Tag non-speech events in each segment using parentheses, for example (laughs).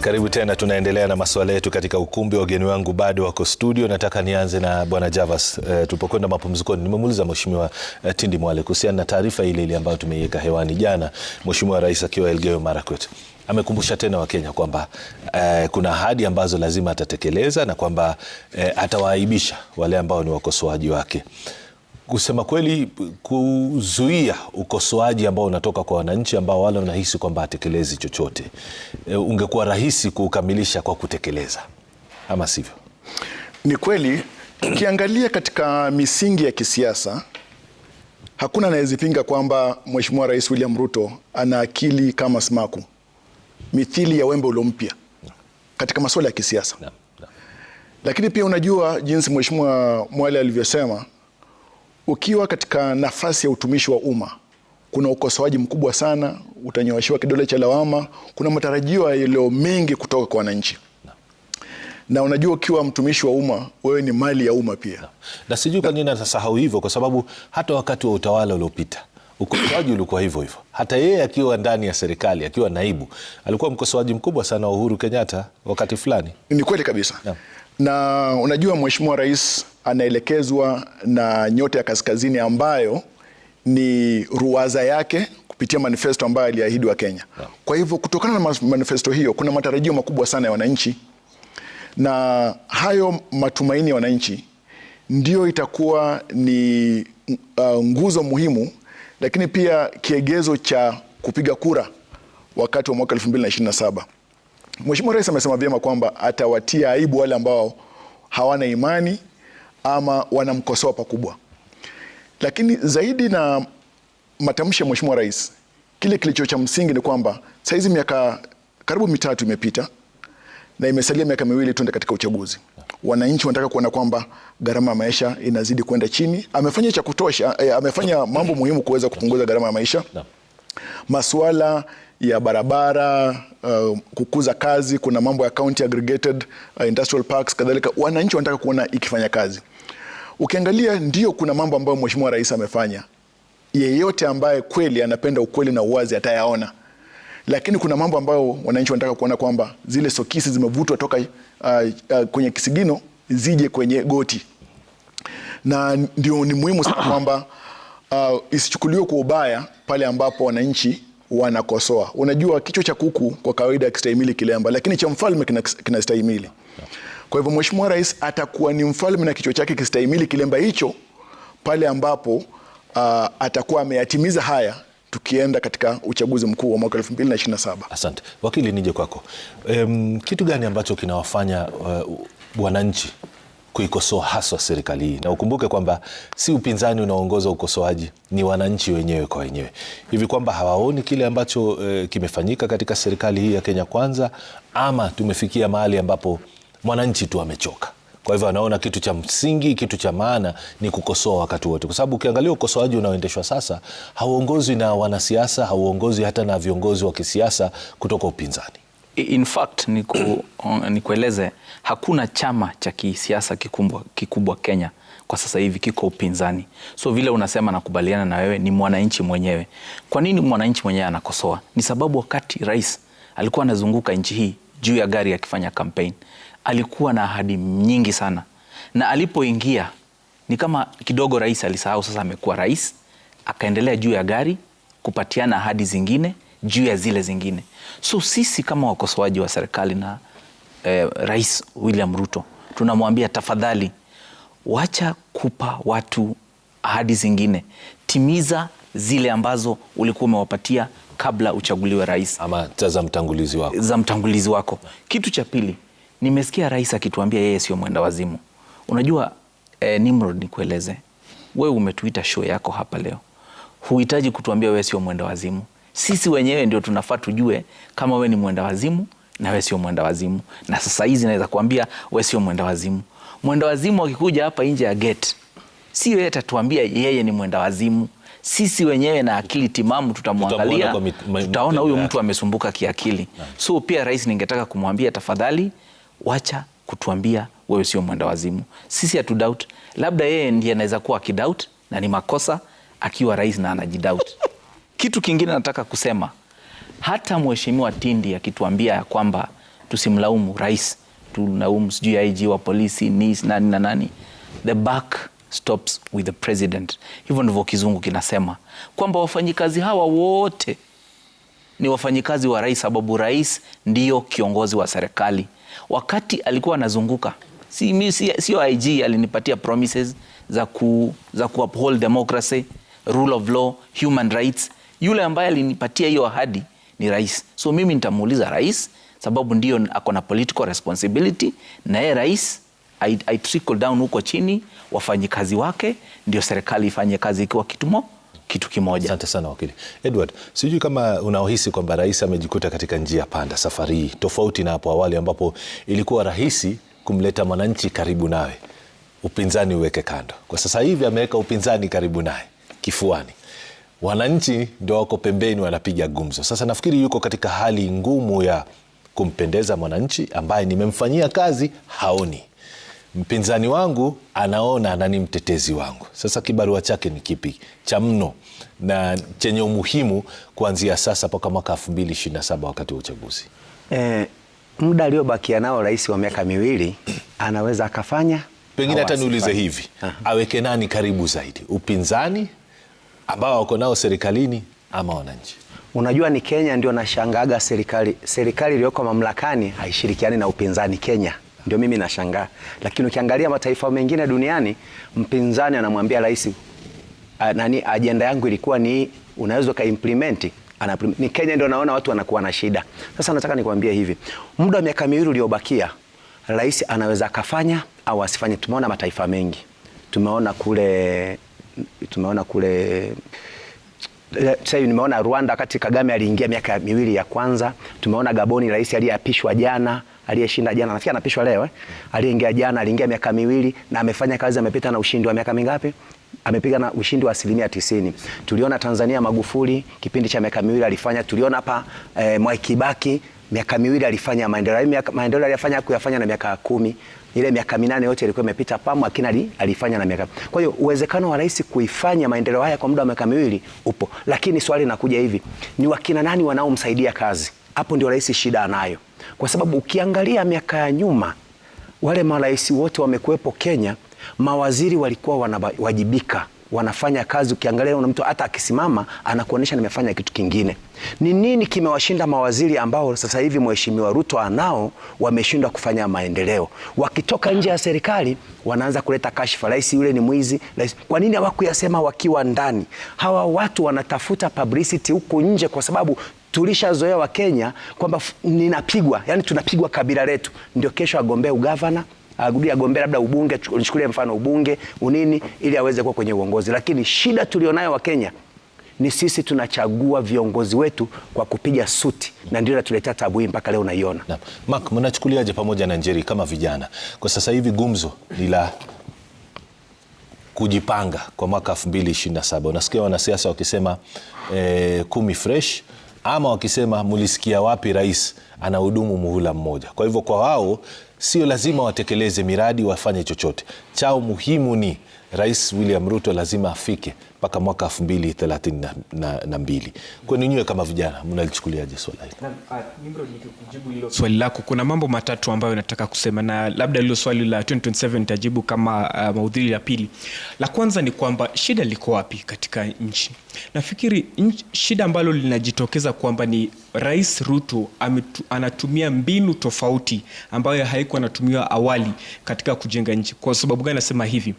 Karibu tena, tunaendelea na masuala yetu katika ukumbi. Wageni wangu bado wako studio. Nataka nianze na bwana Javas. E, eh, tulipokwenda mapumzikoni, nimemuuliza mheshimiwa e, Tindi Mwale kuhusiana na taarifa ile ile ambayo tumeiweka hewani jana, mheshimiwa rais akiwa Elgeyo Marakwet amekumbusha tena Wakenya kwamba eh, kuna ahadi ambazo lazima atatekeleza na kwamba eh, atawaaibisha wale ambao ni wakosoaji wake kusema kweli, kuzuia ukosoaji ambao unatoka kwa wananchi ambao wale wanahisi kwamba hatekelezi chochote, e, ungekuwa rahisi kuukamilisha kwa kutekeleza, ama sivyo? Ni kweli, ukiangalia katika misingi ya kisiasa hakuna anayezipinga kwamba Mheshimiwa Rais William Ruto ana akili kama smaku mithili ya wembe uliompya katika masuala ya kisiasa, lakini pia unajua jinsi Mheshimiwa Mwale alivyosema ukiwa katika nafasi ya utumishi wa umma, kuna ukosoaji mkubwa sana, utanyooshewa kidole cha lawama, kuna matarajio yaliyo mengi kutoka kwa wananchi na unajua ukiwa mtumishi wa umma wewe ni mali ya umma pia. Na sijui kwa nini natasahau hivyo, kwa sababu hata wakati wa utawala uliopita ukosoaji ulikuwa hivyo hivyo. Hata yeye akiwa ndani ya serikali, akiwa naibu, alikuwa mkosoaji mkubwa sana wa Uhuru Kenyatta wakati fulani. Ni kweli kabisa na. Na unajua Mheshimiwa Rais anaelekezwa na nyota ya kaskazini ambayo ni ruwaza yake kupitia manifesto ambayo aliahidi wa Kenya. Kwa hivyo kutokana na manifesto hiyo kuna matarajio makubwa sana ya wananchi, na hayo matumaini ya wananchi ndio itakuwa ni uh, nguzo muhimu, lakini pia kiegezo cha kupiga kura wakati wa mwaka 2027. Mheshimiwa Rais amesema vyema kwamba atawatia aibu wale ambao hawana imani ama wanamkosoa pakubwa, lakini zaidi na matamshi ya Mheshimiwa Rais, kile kilicho cha msingi ni kwamba saizi miaka karibu mitatu imepita na imesalia miaka miwili tuende katika uchaguzi. Wananchi wanataka kuona kwamba gharama ya maisha inazidi kwenda chini. Amefanya cha kutosha, eh, amefanya mambo muhimu kuweza kupunguza gharama ya maisha masuala ya barabara uh, kukuza kazi, kuna mambo ya county aggregated uh, industrial parks kadhalika, wananchi wanataka kuona ikifanya kazi. Ukiangalia ndio kuna mambo ambayo mheshimiwa rais amefanya, yeyote ambaye kweli anapenda ukweli na uwazi atayaona, lakini kuna mambo ambayo wananchi wanataka kuona kwamba zile sokisi zimevutwa toka uh, uh, kwenye kisigino zije kwenye goti, na ndio ni muhimu sana kwamba uh, isichukuliwe kwa ubaya pale ambapo wananchi wanakosoa. Unajua, kichwa cha kuku kwa kawaida akistahimili kilemba, lakini cha mfalme kinastahimili. Kwa hivyo Mheshimiwa Rais atakuwa ni mfalme na kichwa chake kistahimili kilemba hicho pale ambapo uh, atakuwa ameyatimiza haya tukienda katika uchaguzi mkuu wa mwaka 2027. Asante. Wakili, nije kwako. Um, kitu gani ambacho kinawafanya uh, wananchi kuikosoa haswa serikali hii, na ukumbuke kwamba si upinzani unaoongoza ukosoaji, ni wananchi wenyewe kwa wenyewe, hivi kwamba hawaoni kile ambacho eh, kimefanyika katika serikali hii ya Kenya Kwanza, ama tumefikia mahali ambapo mwananchi tu amechoka. Kwa hivyo anaona kitu cha msingi, kitu cha maana ni kukosoa wakati wote, kwa sababu ukiangalia ukosoaji unaoendeshwa sasa hauongozwi na wanasiasa, hauongozwi hata na viongozi wa kisiasa kutoka upinzani in fact ni ku, uh, nikueleze hakuna chama cha kisiasa kikubwa, kikubwa Kenya kwa sasa hivi kiko upinzani. So vile unasema, nakubaliana na wewe, ni mwananchi mwenyewe. Kwa nini mwananchi mwenyewe anakosoa? Ni sababu wakati rais alikuwa anazunguka nchi hii juu ya gari akifanya campaign, alikuwa na ahadi nyingi sana, na alipoingia ni kama kidogo rais alisahau. Sasa amekuwa rais, akaendelea juu ya gari kupatiana ahadi zingine juu ya zile zingine So sisi kama wakosoaji wa serikali na eh, Rais William Ruto tunamwambia tafadhali, wacha kupa watu ahadi zingine, timiza zile ambazo ulikuwa umewapatia kabla uchaguliwe rais ama za mtangulizi wako, za mtangulizi wako. Kitu cha pili nimesikia rais akituambia yeye sio mwenda wazimu. Unajua eh, Nimrod, nikueleze wewe, umetuita show yako hapa leo, huhitaji kutuambia wewe sio mwenda wazimu. Sisi wenyewe ndio tunafaa tujue kama we ni mwenda wazimu na we sio mwenda wazimu. Na sasa hizi naweza kuambia we sio mwenda wazimu. Mwenda wazimu akikuja hapa nje ya gate, si yeye atatuambia yeye ni mwenda wazimu. Sisi wenyewe na akili timamu tutamwangalia, tutaona huyu mtu amesumbuka kiakili. So pia rais, ningetaka kumwambia tafadhali, wacha kutuambia wewe sio mwenda wazimu. Sisi hatudoubt, labda yeye ndiye anaweza kuwa akidoubt na ni makosa akiwa rais na anajidoubt kitu kingine nataka kusema, hata mheshimiwa Tindi akituambia ya, kwamba tusimlaumu rais, tulaumu sijui IG wa polisi nis nani na nani, the back stops with the president. Hivyo ndivyo kizungu kinasema kwamba wafanyikazi hawa wote ni wafanyikazi wa rais, sababu rais ndiyo kiongozi wa serikali. Wakati alikuwa anazunguka sio si, si IG alinipatia promises za ku, za ku uphold democracy, rule of law, human rights yule ambaye alinipatia hiyo ahadi ni rais. So mimi nitamuuliza rais, sababu ndio ako na political responsibility, na yeye rais I, I trickle down huko chini, kazi wake ndio serikali ifanye kazi ikiwa kitumo kitu kimoja. Asante sana wakili Edward, sijui kama unaohisi kwamba rais amejikuta katika njia panda safari hii, tofauti na hapo awali ambapo ilikuwa rahisi kumleta mwananchi karibu nawe, upinzani uweke kando. Kwa sasa hivi ameweka upinzani karibu naye kifuani wananchi ndio wako pembeni wanapiga gumzo. Sasa nafikiri yuko katika hali ngumu ya kumpendeza mwananchi ambaye nimemfanyia kazi haoni, mpinzani wangu anaona na ni mtetezi wangu. Sasa kibarua chake ni kipi cha mno na chenye umuhimu kuanzia sasa mpaka mwaka elfu mbili na saba wakati wa uchaguzi? E, muda aliobakia nao rais wa miaka miwili anaweza akafanya, pengine hata niulize hivi, aweke nani karibu zaidi, upinzani ambao wako nao serikalini ama wananchi. Unajua, ni Kenya ndio nashangaga, serikali serikali iliyoko mamlakani haishirikiani na upinzani. Kenya ndio mimi nashangaa, lakini ukiangalia mataifa mengine duniani, mpinzani anamwambia rais nani, ajenda yangu ilikuwa ni unaweza ka implement ana, ni Kenya ndio naona watu wanakuwa na shida. Sasa nataka nikwambie hivi, muda wa miaka miwili uliobakia, rais anaweza akafanya au asifanye. Tumeona mataifa mengi, tumeona kule tumeona kule eh, sasa hivi nimeona Rwanda wakati Kagame aliingia miaka miwili ya kwanza. Tumeona Gaboni, rais aliyeapishwa jana, aliyeshinda jana, nafikiri anapishwa leo eh, aliingia jana, aliingia miaka miwili na amefanya kazi, amepita na ushindi wa miaka mingapi? Amepiga na ushindi wa asilimia tisini. Tuliona Tanzania Magufuli kipindi cha miaka miwili alifanya. Tuliona hapa eh, Mwai Kibaki miaka miwili alifanya maendeleo. Maendeleo aliyofanya kuyafanya na miaka kumi ile miaka minane yote ilikuwa imepita PAMU, lakini alifanya na miaka. Kwa hiyo uwezekano wa rais kuifanya maendeleo haya kwa muda wa miaka miwili upo, lakini swali linakuja hivi, ni wakina nani wanaomsaidia kazi? Hapo ndio rais shida anayo, kwa sababu ukiangalia miaka ya nyuma wale marais wote wamekuwepo Kenya, mawaziri walikuwa wanawajibika wanafanya kazi, ukiangalia una mtu hata akisimama anakuonesha nimefanya kitu kingine. Ni nini kimewashinda mawaziri ambao sasa hivi mheshimiwa Ruto anao, wameshindwa kufanya maendeleo? Wakitoka nje ya serikali wanaanza kuleta kashfa, rais yule ni mwizi, rais. Kwa nini hawakuyasema wakiwa ndani? Hawa watu wanatafuta publicity huko nje, kwa sababu tulishazoea Wakenya kwamba ninapigwa, yani tunapigwa kabila letu, ndio kesho agombee ugavana agudia agombea labda ubunge, nichukulie mfano ubunge unini, ili aweze kuwa kwenye uongozi. Lakini shida tulionayo kenya ni sisi tunachagua viongozi wetu kwa kupiga suti, na ndio inatuletea tabu hii mpaka leo unaiona. Mark, mnachukuliaje pamoja na Njeri kama vijana kwa sasa hivi gumzo ni la kujipanga kwa mwaka 2027? Unasikia wanasiasa wakisema eh, kumi fresh ama wakisema mulisikia wapi rais anahudumu muhula mmoja. Kwa hivyo kwa wao sio lazima watekeleze miradi, wafanye chochote chao. Muhimu ni Rais William Ruto lazima afike mpaka mwaka elfu mbili thelathini na mbili. Kwenu nyiwe kama vijana mnalichukuliaje swala hili? Ah, swali lako, kuna mambo matatu ambayo nataka kusema, na labda lilo swali la 2027 tajibu kama uh, ah, maudhui ya pili. La kwanza ni kwamba shida liko wapi katika nchi? Nafikiri nchi, shida ambalo linajitokeza kwamba ni Rais Ruto ametu, anatumia mbinu tofauti ambayo haikuwa anatumiwa awali katika kujenga nchi. Kwa sababu gani nasema hivi?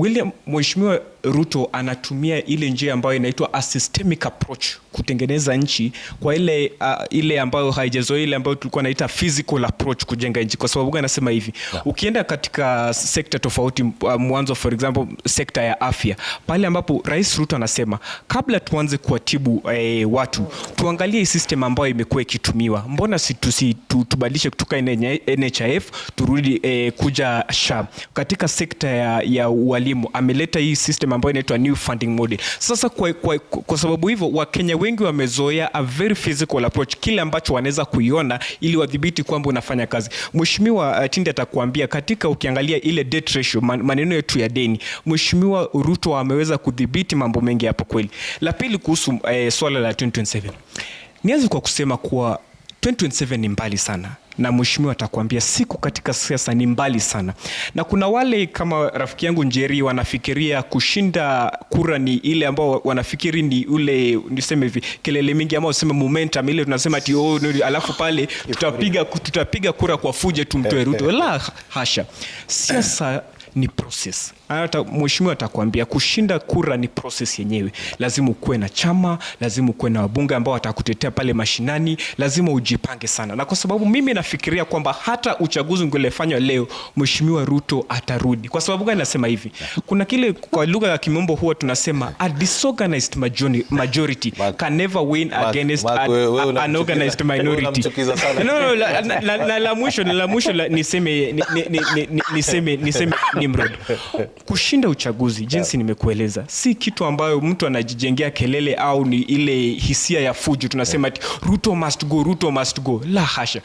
William Mheshimiwa Ruto anatumia ile njia ambayo inaitwa a systemic approach kutengeneza nchi kwa ile uh, ile ambayo haijazoea ile ambayo tulikuwa naita physical approach kujenga nchi. Kwa sababu gani nasema hivi? Yeah. Ukienda katika sekta tofauti, uh, mwanzo for example sekta ya afya, pale ambapo Rais Ruto anasema kabla tuanze kuwatibu eh, watu tuangalie system ambayo imekuwa ikitumiwa. Mbona si tubadilishe kutoka NHIF turudi eh, kuja SHA katika sekta ya, ya elimu ameleta hii system ambayo inaitwa new funding model. Sasa kwa, kwa, kwa sababu hivyo Wakenya wengi wamezoea a very physical approach, kile ambacho wanaweza kuiona ili wadhibiti kwamba unafanya kazi. Mheshimiwa uh, Tinde atakuambia katika, ukiangalia ile debt ratio, man, maneno yetu ya deni, Mheshimiwa Ruto ameweza kudhibiti mambo mengi hapo kweli. La pili kuhusu uh, swala la 2027 nianze kwa kusema kuwa 2027 ni mbali sana na mheshimiwa atakwambia siku katika siasa ni mbali sana, na kuna wale kama rafiki yangu Njeri wanafikiria kushinda kura ni ile ambao wanafikiri ni ule niseme hivi kelele mingi ama useme momentum ile tunasema ati oh, alafu pale tutapiga tutapiga kura kwa fuje tumtoe Ruto. La hasha, siasa ni process. Hata mheshimiwa atakwambia kushinda kura ni process yenyewe, lazima ukuwe na chama, lazima ukuwe na wabunge ambao watakutetea pale mashinani, lazima ujipange sana, na kwa sababu mimi nafikiria kwamba hata uchaguzi ungelefanywa leo, mheshimiwa Ruto atarudi. Kwa sababu gani nasema hivi? Kuna kile kwa lugha ya kimombo huwa tunasema a disorganized majority can never win against an organized minority. No, no, la mwisho la mwisho niseme niseme niseme Nimrod, kushinda uchaguzi jinsi nimekueleza, si kitu ambayo mtu anajijengea kelele au ni ile hisia ya fujo tunasema ti Ruto must go, Ruto must go. La hasha,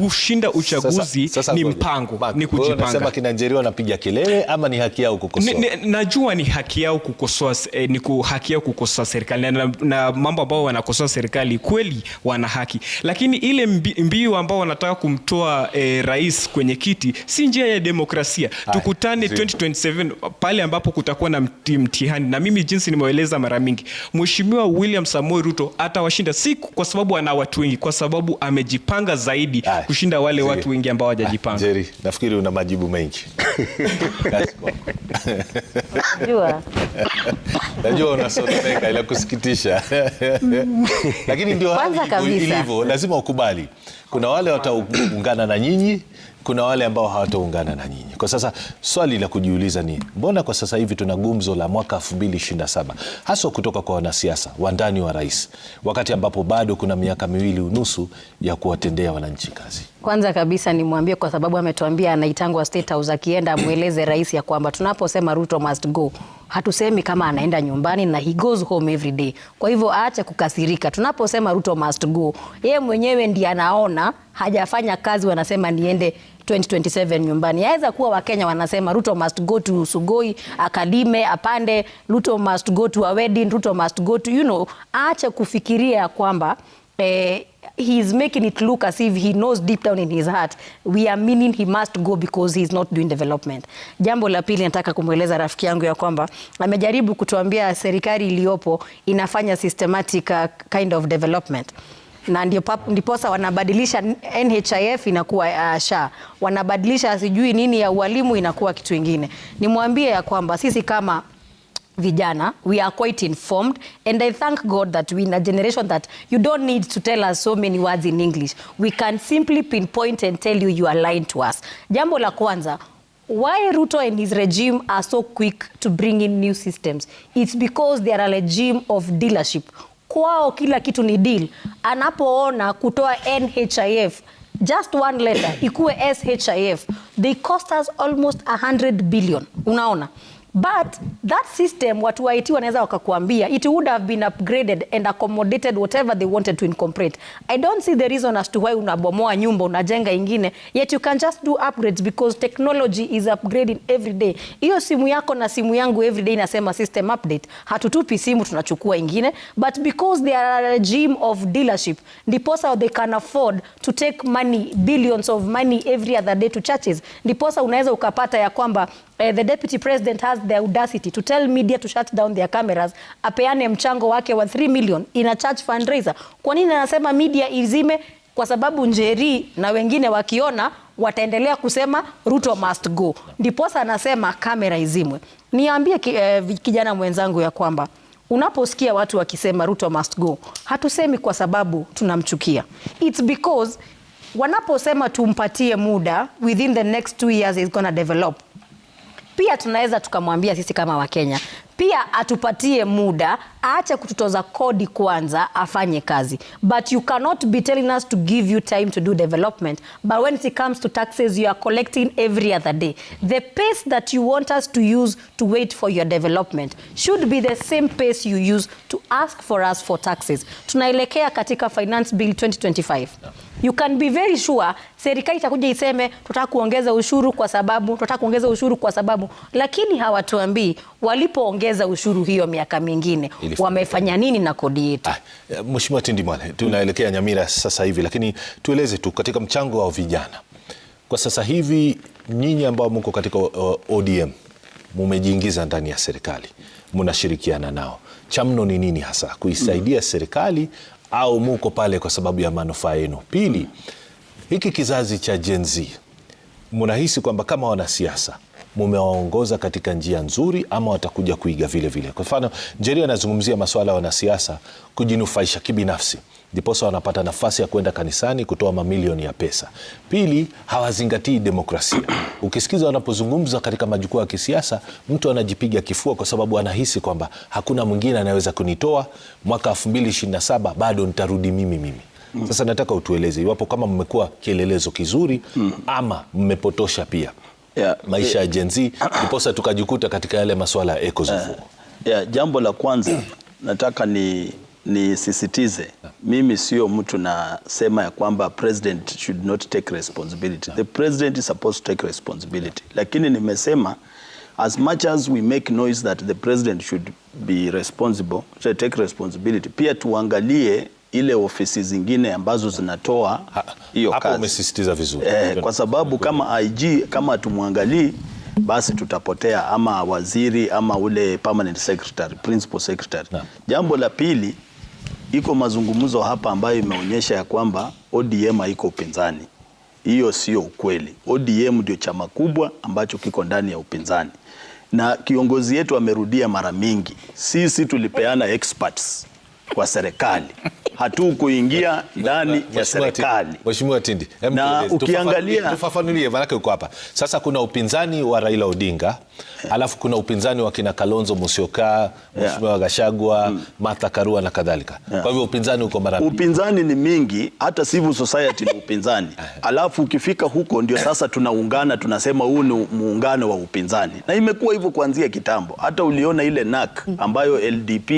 kushinda uchaguzi sasa, sasa, ni mpango Mark, ni kujipanga. kina wanapiga kelele ama ni haki yao kukosoa? Ni, ni, najua ni haki yao kukosoa eh, ni haki yao kukosoa serikali na, na mambo ambao wanakosoa serikali kweli wana haki, lakini ile mbi, mbio ambao wanataka kumtoa eh, rais kwenye kiti si njia ya demokrasia Tuku, tukutane 2027 pale ambapo kutakuwa na mtihani, na mimi jinsi nimeeleza mara mingi, Mheshimiwa William Samoei Ruto atawashinda, si kwa sababu ana watu wengi, kwa sababu amejipanga zaidi Ay, kushinda wale watu wengi ambao hawajajipanga. Jerry, ah, nafikiri una majibu mengi najua najua ila kusikitisha mm. lakini ndio ilivyo, lazima ukubali kuna wale wataungana na nyinyi kuna wale ambao hawataungana na nyinyi. Kwa sasa swali la kujiuliza ni mbona kwa sasa hivi tuna gumzo la mwaka 2027 haswa kutoka kwa wanasiasa wa ndani wa rais, wakati ambapo bado kuna miaka miwili unusu ya kuwatendea wananchi kazi? Kwanza kabisa nimwambie, kwa sababu ametuambia anaitangwa State House, akienda amweleze rais ya kwamba tunaposema Ruto must go hatusemi kama anaenda nyumbani na he goes home every day. Kwa hivyo aache kukasirika. Tunaposema Ruto must go, yeye mwenyewe ndiye anaona hajafanya kazi, wanasema niende 2027 nyumbani. Yaweza kuwa Wakenya wanasema Ruto must go to Sugoi, akalime, apande, Ruto must go to a wedding, Ruto must go to you know, aache kufikiria kwamba eh, he is making it look as if he knows deep down in his heart we are meaning he must go because he is not doing development. Jambo la pili nataka kumweleza rafiki yangu ya kwamba amejaribu kutuambia serikali iliyopo inafanya systematic uh, kind of development na ndio ndiposa wanabadilisha NHIF inakuwa uh, SHA, wanabadilisha sijui nini ya ualimu inakuwa kitu kingine. Nimwambie ya kwamba sisi kama vijana we are quite informed and I thank God that we in a generation that you don't need to tell us so many words in English, we can simply pinpoint and tell you you are lying to us. Jambo la kwanza why Ruto and his regime are so quick to bring in new systems it's because they are a regime of dealership kwao kila kitu ni deal. Anapoona kutoa NHIF just one letter ikuwe SHIF, they cost us almost 100 billion. Unaona? But that system watu wa IT wanaweza wakakuambia it would have been upgraded and accommodated whatever they wanted to incorporate. I don't see the reason as to why unabomoa nyumba unajenga ingine yet you can just do upgrades because technology is upgrading every day. Hiyo simu yako na simu yangu every day inasema system update. Hatutupi simu tunachukua ingine but because they are a regime of dealership ndiposa they can afford to take money billions of money every other day to churches. Ndiposa unaweza ukapata ya kwamba Uh, the deputy president has the audacity to tell media to shut down their cameras, apeane mchango wake wa 3 million in a church fundraiser. Kwa nini anasema media izime? Kwa sababu Njeri na wengine wakiona wataendelea kusema Ruto must go, ndiposa anasema kamera izimwe. Niambie ki, uh, kijana mwenzangu ya kwamba unaposikia watu wakisema Ruto must go, hatusemi kwa sababu tunamchukia. It's because wanaposema tumpatie muda within the next two years is gonna develop pia tunaweza tukamwambia sisi kama Wakenya pia atupatie muda, aache kututoza kodi kwanza, afanye kazi. But you cannot be telling us to give you time to do development, but when it comes to taxes you are collecting every other day. The pace that you want us to use to wait for your development should be the same pace you use to ask for us for taxes. Tunaelekea katika finance bill 2025 you can be very sure serikali itakuja iseme tutataka kuongeza ushuru kwa sababu tutataka kuongeza ushuru kwa sababu, lakini hawatuambii walipoongeza ushuru hiyo miaka mingine wamefanya nini na kodi yetu. Ah, eh, Mheshimiwa Tindimwale, tunaelekea Nyamira sasa hivi, lakini tueleze tu katika mchango wa vijana kwa sasa hivi, nyinyi ambao mko katika uh, ODM mumejiingiza ndani ya serikali, mnashirikiana nao, chamno ni nini hasa kuisaidia serikali au muko pale kwa sababu ya manufaa yenu? Pili, hiki kizazi cha Gen Z munahisi kwamba kama wanasiasa mumewaongoza katika njia nzuri ama watakuja kuiga vile vile? Kwa mfano, Njeri anazungumzia masuala ya wanasiasa kujinufaisha kibinafsi ndiposa wanapata nafasi ya kwenda kanisani kutoa mamilioni ya pesa. Pili, hawazingatii demokrasia. Ukisikiza wanapozungumza katika majukwaa ya kisiasa, mtu anajipiga kifua kwa sababu anahisi kwamba hakuna mwingine anayeweza kunitoa mwaka 2027 bado nitarudi mimi mimi. Mm. Sasa nataka utueleze iwapo kama mmekuwa kielelezo kizuri mm. ama mmepotosha pia yeah, maisha ya eh, Gen Z (coughs) ndiposa tukajikuta katika yale masuala ya eko. Eh, yeah, jambo la kwanza (coughs) nataka ni nisisitize mimi sio mtu nasema ya kwamba president should not take responsibility. The president is supposed to take responsibility, lakini nimesema as much as we make noise that the president should be responsible, should take responsibility, pia tuangalie ile ofisi zingine ambazo zinatoa hiyo kazi. Hapo umesisitiza vizuri eh, kwa sababu kama IG kama tumwangalii basi tutapotea, ama waziri ama ule permanent secretary, principal secretary. Jambo la pili iko mazungumzo hapa ambayo imeonyesha ya kwamba ODM haiko upinzani. Hiyo sio ukweli. ODM ndio chama kubwa ambacho kiko ndani ya upinzani, na kiongozi yetu amerudia mara mingi, sisi tulipeana experts kwa serikali, hatu kuingia ndani ya serikali. Mheshimiwa Tindi, na ukiangalia, tufafanulie, maanake uko hapa sasa. Kuna upinzani wa Raila Odinga alafu kuna upinzani wa kina Kalonzo Musyoka, Mheshimiwa yeah. Gashagwa mm. Martha Karua na kadhalika yeah. Kwa hivyo upinzani uko mara upinzani ni mingi, hata civil society ni (laughs) upinzani eh. alafu ukifika huko ndio sasa tunaungana, tunasema huu ni muungano wa upinzani, na imekuwa hivyo kuanzia kitambo. Hata uliona ile NAK mm. ambayo LDP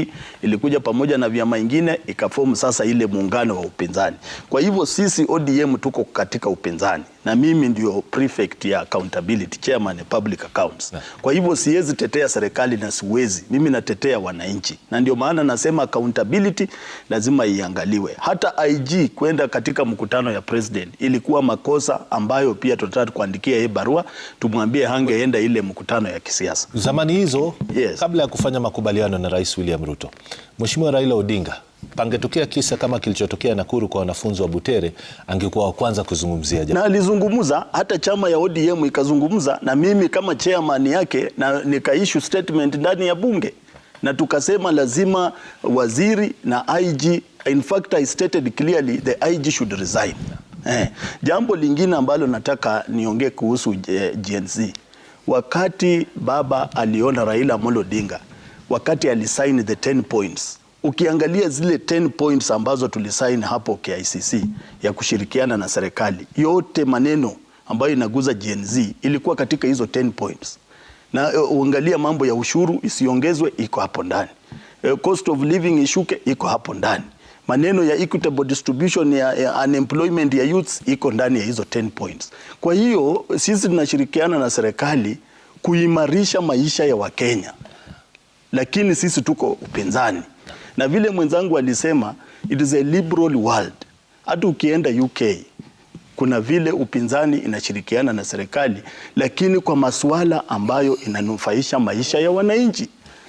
ilikuja pamoja na vyama ingine ikafomu sasa ile muungano wa upinzani. Kwa hivyo sisi ODM tuko katika upinzani na mimi ndio prefect ya accountability chairman ya public accounts. Kwa hivyo siwezi tetea serikali na siwezi mimi, natetea wananchi, na ndio maana nasema accountability lazima iangaliwe. Hata IG kwenda katika mkutano ya president ilikuwa makosa ambayo pia tunataka kuandikia yeye barua tumwambie hangeenda ile mkutano ya kisiasa zamani hizo. Yes. kabla ya kufanya makubaliano na Rais William Ruto, Mheshimiwa Raila Odinga pangetokea kisa kama kilichotokea Nakuru kwa wanafunzi wa Butere, angekuwa wa kwanza kuzungumzia jambo. Na alizungumza hata chama ya ODM ikazungumza na mimi kama chairman yake, na nikaishu statement ndani ya bunge na tukasema lazima waziri na IG, in fact I stated clearly the IG should resign. Eh, jambo lingine ambalo nataka niongee kuhusu eh, Gen Z, wakati baba aliona Raila Amolo Odinga, wakati alisign the 10 points ukiangalia zile 10 points ambazo tulisaini hapo KICC ya kushirikiana na serikali, yote maneno ambayo inaguza Gen Z ilikuwa katika hizo 10 points, na e, uangalia mambo ya ushuru isiongezwe, iko hapo ndani, e, cost of living ishuke, iko hapo ndani maneno ya equitable distribution ya, ya unemployment ya youths iko ndani ya hizo 10 points. Kwa hiyo sisi tunashirikiana na serikali kuimarisha maisha ya Wakenya, lakini sisi tuko upinzani na vile mwenzangu alisema it is a liberal world. Hata ukienda UK kuna vile upinzani inashirikiana na serikali, lakini kwa masuala ambayo inanufaisha maisha ya wananchi,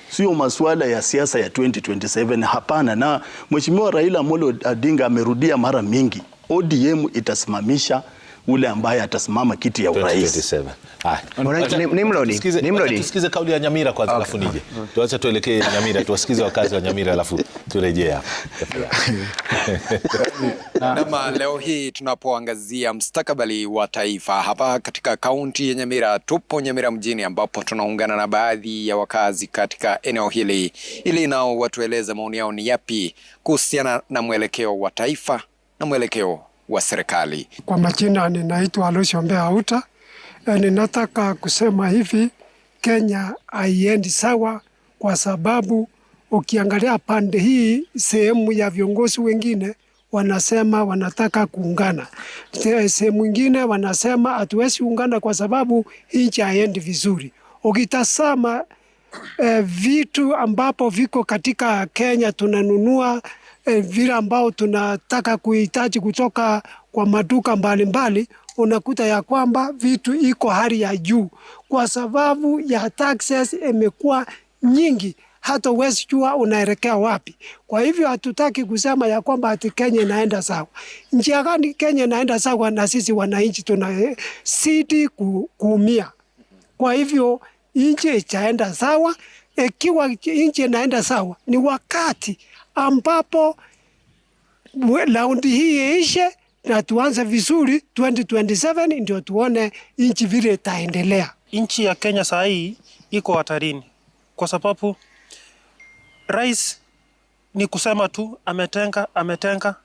sio masuala ya siasa ya 2027 hapana. Na Mheshimiwa Raila Amolo Odinga amerudia mara mingi, ODM itasimamisha ule ambaye atasimama kiti ya urais. Tusikize kauli ya Nyamira kwanza, alafu nije tuacha tuelekee Nyamira, tuwasikize wakazi wa Nyamira alafu turejee hapa. (laughs) Nama uh, leo hii tunapoangazia mstakabali wa taifa hapa katika kaunti ya Nyamira, tupo Nyamira mjini ambapo tunaungana na baadhi ya wakazi katika eneo hili ili nao watueleze maoni yao ni yapi kuhusiana na mwelekeo wa taifa na mwelekeo wa serikali. Kwa majina ninaitwa Alosi Ombea Auta. E, ninataka kusema hivi, Kenya haiendi sawa kwa sababu ukiangalia pande hii, sehemu ya viongozi wengine wanasema wanataka kuungana, sehemu ingine wanasema hatuwezi ungana kwa sababu nchi haiendi vizuri. Ukitazama eh, vitu ambapo viko katika Kenya tunanunua eh, vile ambao tunataka kuhitaji kutoka kwa maduka mbalimbali, unakuta ya kwamba vitu iko hali ya juu kwa sababu ya taxes imekuwa nyingi hata uwezi jua unaelekea wapi. Kwa hivyo hatutaki kusema ya kwamba ati Kenya inaenda sawa. Njia gani Kenya inaenda sawa? Na sisi wananchi tunazidi ku, kuumia. Kwa hivyo nchi itaenda sawa. Ikiwa nchi inaenda sawa, ni wakati ambapo raundi hii iishe na tuanze vizuri 2027 ndio tuone nchi vile itaendelea. Nchi ya Kenya saa hii iko hatarini kwa sababu rais ni kusema tu ametenga ametenga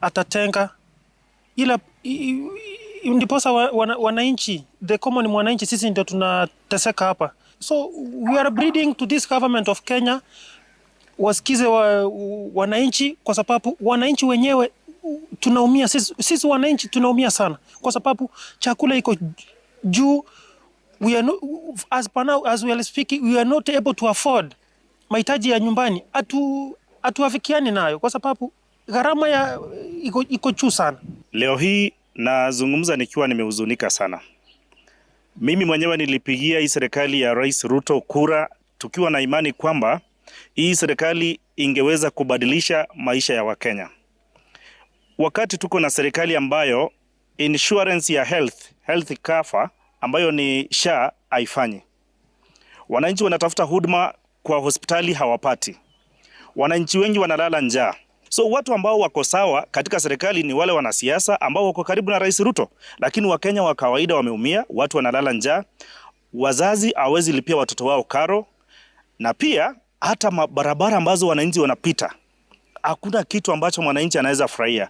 atatenga, ila ndiposa wananchi wana the common mwananchi sisi ndio tunateseka hapa, so we are breeding to this government of Kenya wasikize wa, wananchi, kwa sababu wananchi wenyewe tunaumia sisi, sisi wananchi tunaumia sana, kwa sababu chakula iko juu. We are not, as per now, as we are speaking, we are not able to afford mahitaji ya nyumbani, atu hatuafikiani nayo kwa sababu gharama ya iko, iko juu sana. Leo hii nazungumza nikiwa nimehuzunika sana. Mimi mwenyewe nilipigia hii serikali ya Rais Ruto kura tukiwa na imani kwamba hii serikali ingeweza kubadilisha maisha ya Wakenya. Wakati tuko na serikali ambayo insurance ya health, health cover ambayo ni SHA haifanyi. Wananchi wanatafuta huduma kwa hospitali hawapati. Wananchi wengi wanalala njaa. So watu ambao wako sawa katika serikali ni wale wanasiasa ambao wako karibu na Rais Ruto, lakini Wakenya wa kawaida wameumia, watu wanalala njaa, wazazi hawezi lipia watoto wao karo, na pia hata barabara ambazo wananchi wanapita, hakuna kitu ambacho mwananchi anaweza furahia.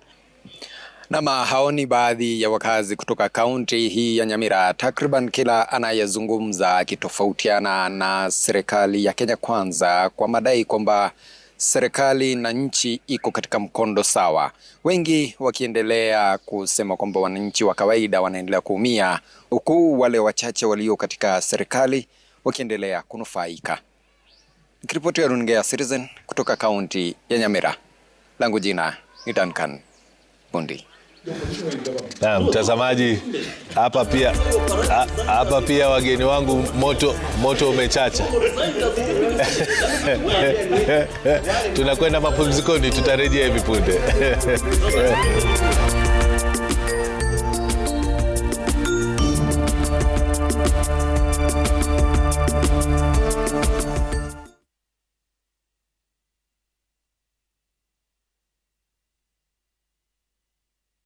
Nama hao ni baadhi ya wakazi kutoka kaunti hii ya Nyamira. Takriban kila anayezungumza akitofautiana na serikali ya Kenya Kwanza kwa madai kwamba serikali na nchi iko katika mkondo sawa, wengi wakiendelea kusema kwamba wananchi wa kawaida wanaendelea kuumia, huku wale wachache walio katika serikali wakiendelea kunufaika ya runinga ya Citizen kutoka kaunti ya Nyamira, langu jina ni Duncan Bundi. Na mtazamaji, hapa pia hapa pia wageni wangu, moto moto umechacha. (laughs) Tunakwenda mapumzikoni, tutarejea hivi punde. (laughs)